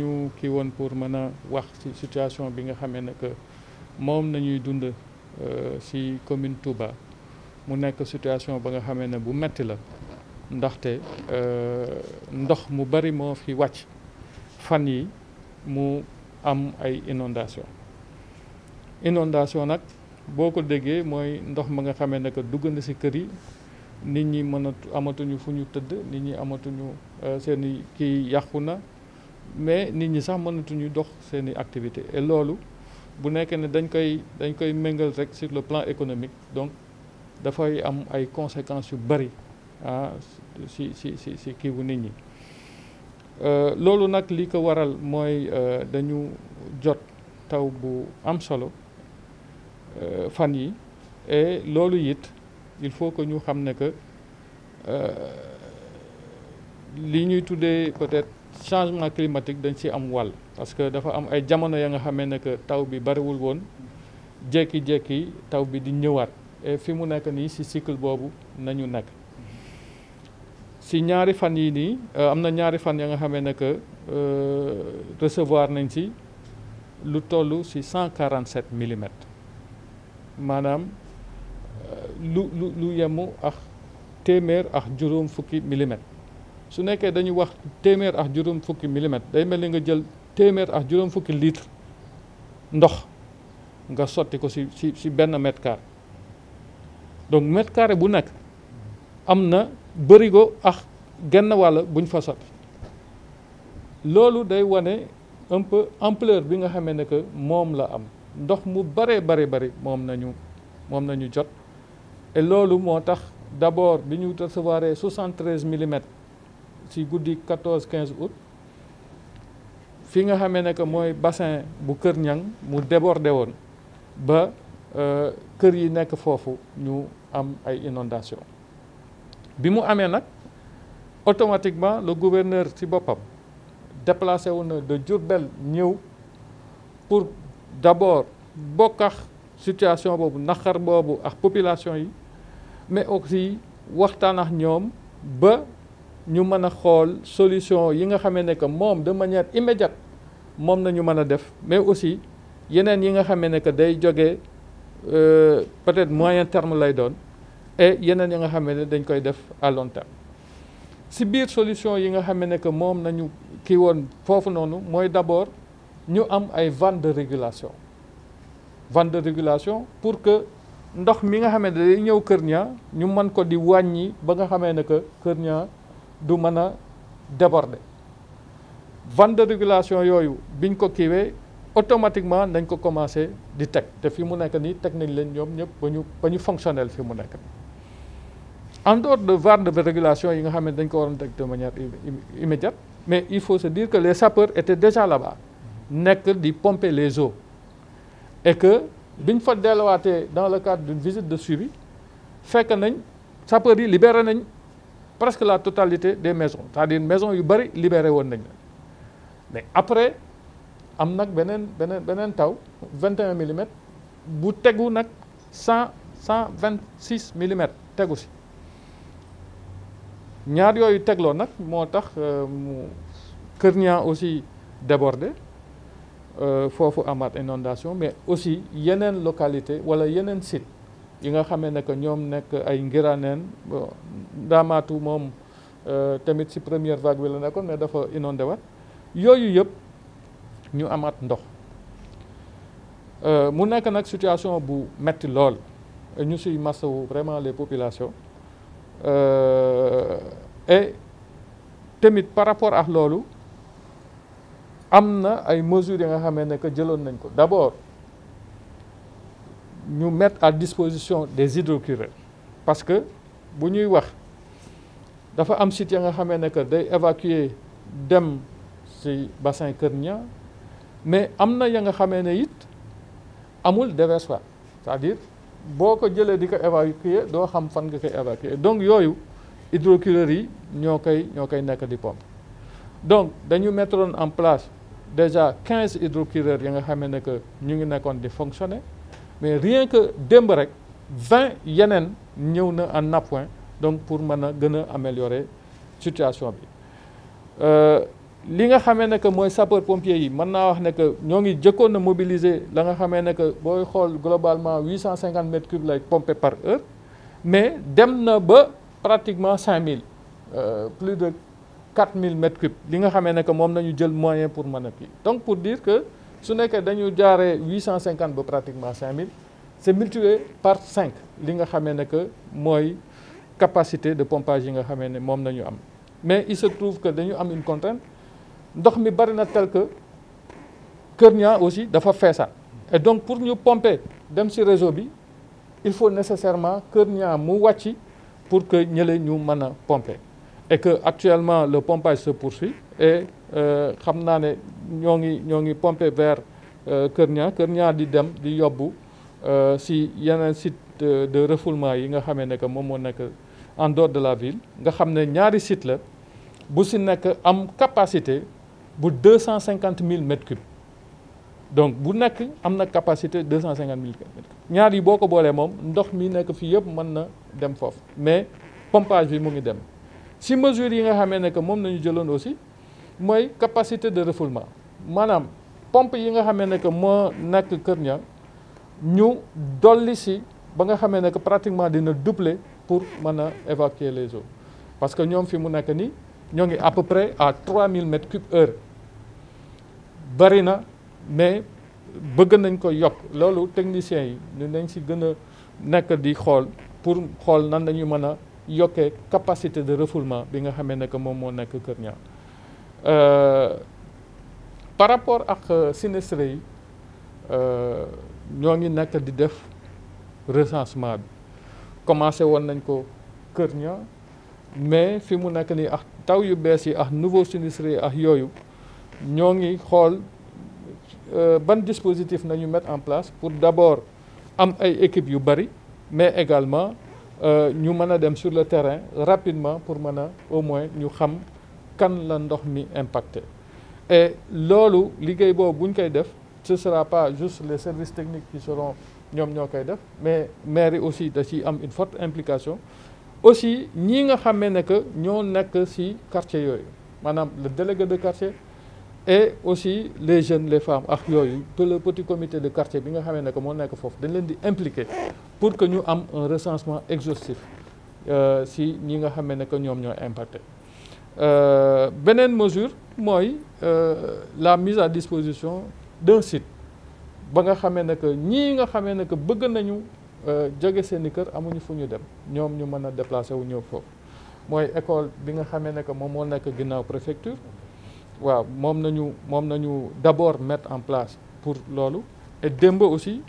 ñu kii woon pour mën a wax ci situation bi nga xamee ne moom nañuy dund euh, ci commune Touba mu nekk situation ba nga xamee ne bu metti la ndaxte euh, ndox mu bari moo fi wàcc fan yi mu am ay inondation inondation nag boo ko déggee mooy ndox ma nga xamee ne que dugg na ci kër yi nit ñi mën amatuñu fu ñu tëdd nit ñi amatuñu euh, seeni kii yàqu na mais nit ñi sax mënatuñu dox seen i activité et loolu bu nekkee ne dañ koy dañ koy méngal rek sur le plan économique donc dafay am ay conséquences yu bëri ah, si si si si kii bu nit ñi euh, loolu nag li ko waral mooy euh, dañu jot taw bu am solo euh, fan yi e loolu it il faut que ñu xam ne que li ñuy tuddee peut-être changement climatique dañ ci am wàll parce que dafa am ay jamono ya nga xamee ne que taw bi bariwul woon jékki-jékki taw bi di ñëwaat fi mu nekk nii ci cycle boobu nañu nekk ci ñaari fan yi nii euh, am na ñaari fan ya nga xame ne que euh, recevoir nañ ci lu toll ci cent quarante sept millimètres maanaam euh, lu lu lu yemu ak téeméer ak juróom fukki millimètres su nekkee dañu wax téeméer ak juróom fukki milimètres day mel ni nga jël téeméer ak juróom fukki litre ndox nga sotti ko si si si benn mètre carré donc mètre carré bu nekk am na bërigo ak genn wàll buñ fa sotti loolu day wane un peu ampleur bi nga xamee ne que moom la am ndox mu bare bare bari moom nañu moom nañu jot et loolu moo tax d'abord bi ñu recevoir 73 millimètres ci guddi 14 quinze août fi nga xamee ne que mooy bassin bu Kër Ñang mu débordé woon ba euh, kër yi nekk foofu ñu am ay inondation bi mu amee nag automatiquement le gouverneur ci boppam déplacé wu na de Diourbel ñëw pour d'abord bokkax situation boobu naqar boobu ak population yi mais aussi waxtaan ak ñoom ba ñu mën a xool solution yi nga xamee ne que moom de manière immédiate moom nañu mën a def mais aussi yeneen yi nga xamee ne que day jógee euh, peut-être moyen terme lay doon et yeneen yi nga xamee ne dañ koy def à long si biir solution yi nga xamee ne que moom nañu kii woon foofu noonu mooy d'abord ñu am ay vannes de régulation vannes de régulation pour que ndox mi nga xamee ne day ñëw Kër ñaa ñu mën ko di wàññi ba nga xamee ne que Kër ñaa du mën a déborder vanne de régulation yooyu bi ñu ko kiiwee automatiquement nañ ko commencé di teg te fi mu nekk nii teg nañ leen ñoom ñëpp ba ñu ba ñu fonctionnel fi mu nekk en dehors de vanne de régulation yi nga xam ne dañ ko waroon teg de manière immédiate mais il faut se dire que les sapeurs étaient déjà là-bas nekk di pomper les eaux et que biñ fa delluwaatee dans le cadre d'une visite de suivi fekk nañ sapeurs yi libéré nañ presque la totalité des maisons c'est-à-dire maisons yu bëri libéré woon nañ la mais après am nag beneen beneen beneen taw 21 millimètres bu tegu nag cent cent 100 126 millimètres tegu si ñaar yooyu tegloo nag moo tax euh, mu Kër Niang aussi débordé euh, foofu amaat inondation mais aussi yeneen localité wala yeneen site yi nga xamee ne que ñoom nekk ay ngiraneen bon daamaatu moom euh, tamit si première vague bi la nekkoon mais dafa inondé waat yooyu yëpp ñu amaat ndox euh, mu nekk nag situation bu metti lool ñu siy masawu vraiment les populations euh, et tamit par rapport ak loolu am na ay mesures yi nga xamee ne que jëloon nañ ko d'abord ñu mettre à disposition des hydrocureurs parce que bu ñuy wax dafa am site ya nga xamee ne que day évacuer dem ci bassin Kër Niang mais am na ya nga xamee ne it amul déversoir cest dire boo ko jëlee di ko évacuer doo xam fan nga koy évacuer donc yooyu hydrocureurs yi ñoo koy ñoo koy nekk di pompe donc dañu mettre en place déjà quinze hydrocureurs ya nga xamee ne que ñu ngi nekkoon di fonctionner mais rien que démb rek vingt yeneen ñëw na en appoint donc pour mën a gën a améliorer situation bi euh, li nga xamee ne que mooy sapeur pompier yi mën naa wax ne que ñoo ngi jëkkoon na mobiliser la nga xamee ne que booy xool globalement huit cent cinquante mètres cubes lay pomper par heure mais dem na ba pratiquement cinq mille euh, plus de quatre mille mètres li nga xamee ne que moom nañu jël moyen pour mën a kii donc pour dire que su nekkee dañu jaaree huit cent cinquante ba pratiquement cinq mille c'est multiplié par cinq li nga xamee ne que mooy capacité de pompage yi nga xamee ne moom nañu am mais il se trouve que dañu am une contrainte ndox mi bari na tel que Kër Niang aussi dafa feesaat et donc pour ñu pomper dem si réseau bi il faut nécessairement Kër Niang mu wàcci pour que ñële ñu mën a pomper et que actuellement le pompage se poursuit et euh, xam naa ne ñoo ngi ñoo ngi pomper vers euh, Kër Niang Kër Niang di dem di yobbu euh, si yeneen site de refoulement yi nga xamee ne que moom moo nekk en dehors de la ville nga xam ne ñaari site la bu si nekk am capacité bu deux cent cinquante mille mètres donc bu nekk am na capacité deux cent cinquante mille mètres ñaar yi boo ko boolee moom ndox mi nekk fii yëpp mën na dem foofu mais pompage bi mu ngi dem si mesure yi nga xamee ne que moom nañu jëloon aussi mooy capacité de refoulement maanaam pompe yi nga xamee ne que moo nekk Kër ña ñu dolli si ba nga xamee ne que pratiquement dina doubler pour mën a évacuer les eaux parce que ñoom fi mu nekk nii ñoo ngi à peu à 3000 mètres cube heure bari na mais bëgg nañ ko yokk loolu techniciens yi nañ si gën a nekk di xool pour xool nan lañuy mën a yokkee capacité de refoulement bi nga xamee ne que moom moo nekk Kër Niang euh, par rapport ak euh, sinistre yi euh, ñoo ngi nekk di def recensement bi commencé woon nañ ko Kër Niang mais fi mu nekk nii ak taw yu bees yi ak nouveau sinistre yi ak yooyu ñoo ngi xool ban dispositif nañu mettre en place pour d'abord am ay équipe yu bari mais également Euh, ñu mën a dem sur le terrain rapidement pour mën a au moins ñu xam kan la ndox mi impacté e loolu liggéey boobu bu ñu koy def ce sera pas juste le service technique qui seront ñoom ñoo koy def mais maire aussi da ciy am une fort implication aussi ñi nga xamee ne que ñoo nekk ci quartier yooyu maanaam le délégué de quartier et aussi les jeunes les femmes ak yooyu le petit comité de quartier bi nga xamee ne moo nekk foofu dañ leen di impliquer pour que ñu am un recensement exhaustif euh, si ñi nga xam ne que ñoom ñoo impacté euh, beneen mesure mooy euh, la mise à disposition d'un site ba nga xamee ne que ñii nga xamee ne que bëgg nañu jóge seen i kër amuñu fu ñu dem ñoom ñu mën a déplacé wu ñëw foofu mooy école bi nga xamee ne que moom moo nekk ginnaaw préfecture waaw moom nañu moom nañu d'abord mettre en place pour loolu démb aussi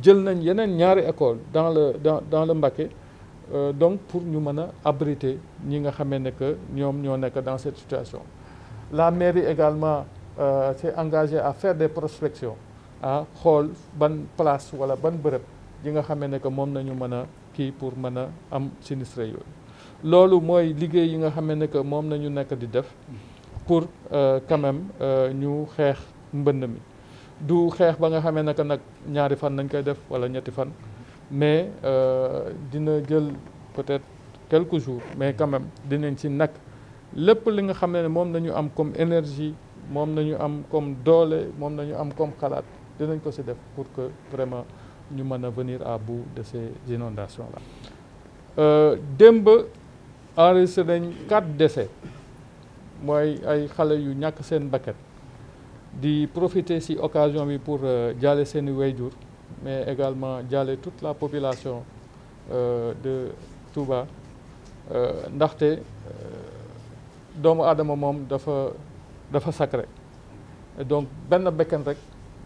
jël nañ yeneen ñaari école dans le dans dans le Mbacké euh, donc pour ñu mën a abriter ñi nga xamee ne que ñoom ñoo nekk dans cette situation la mairie également euh, s'est engagée à faire des prospection ah xool ban place wala ban bërëb yi nga xamee ne que moom nañu mën a kii pour mën a am sinistre yooyu loolu mooy liggéey yi nga xame ne que moom nañu nekk di def pour euh, quand même euh, ñu xeex mbënd mi du xeex ba nga xamee naka nag ñaari fan nañ koy def wala ñetti fan mais euh, dina jël peut-être quelque jour mais quand même dinañ si nag lépp li nga xam ne moom nañu am comme énergie moom nañu am comme doole moom nañu am comme xalaat dinañ ko si def pour que vraiment ñu mën a venir à bu de ces inondations là euh, démb enregistré nañ quatre décès mooy ay xale yu ñàkk seen bakkan di profiter ci occasion bi pour euh, jaale seeni wayjur mais également jaale toute la population euh, de Touba euh, ndaxte doomu aadama moom dafa dafa sacré donc benn bekken rek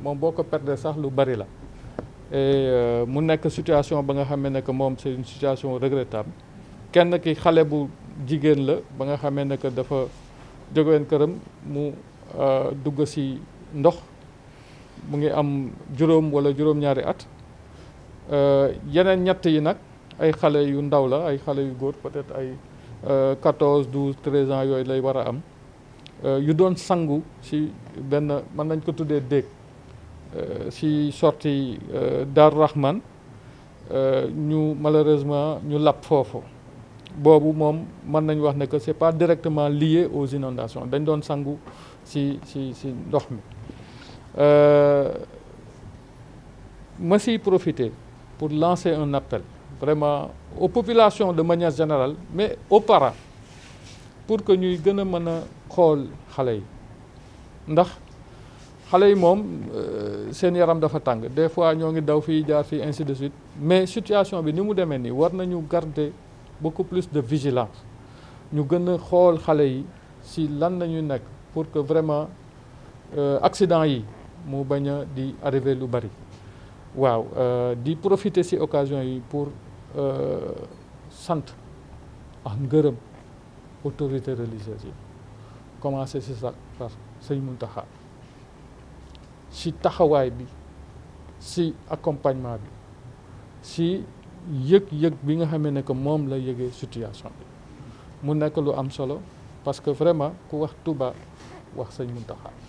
moom boo ko perdee sax lu bari la e mu nekk situation ba nga xamee ne que moom seen une situation regrettable kenn ki xale bu jigéen la ba nga xamee ne que dafa jógeen këram mu Euh, dugg si ndox mu ngi am juróom wala juróom-ñaari at euh, yeneen ñett yi nag ay xale yu ndaw la ay xale yu góor peut-être ay 14 12 13 ans yooyu lay war a am euh, yu doon sangu si benn man nañ ko tuddee déeg si sorti Daaru Rahman ñu malheureusement ñu lap foofu boobu moom mën nañu wax ne que c'est pas directement lié aux inondations dañ doon sangu ci ci ci ndox mi euh, ma ciy profiter pour lancer un appel vraiment aux populations de manière générale mais au para pour que ñuy gën a mën a xool xale yi ndax xale yi moom euh, seen yaram dafa tàng des fois ñoo ngi daw fii jaar fii ainsi de suite mais situation bi ni mu demee nii war nañu garder beaucoup plus de vigilance ñu gën a xool xale yi si lan la ñu nekk pour que vraiment euh, accident yi mu bañ a di arrivé lu bari waaw euh, di profiter si occasion yi pour euh, sant ak ngërëm autorité religieuse yi commencé si sax par sëñ Muntaxa si taxawaay bi si accompagnement bi si yëg-yëg bi nga xamee ne que moom la yëgee situation bi mu nekk lu am solo parce que vraiment ku wax Touba wax sëñ Mountakha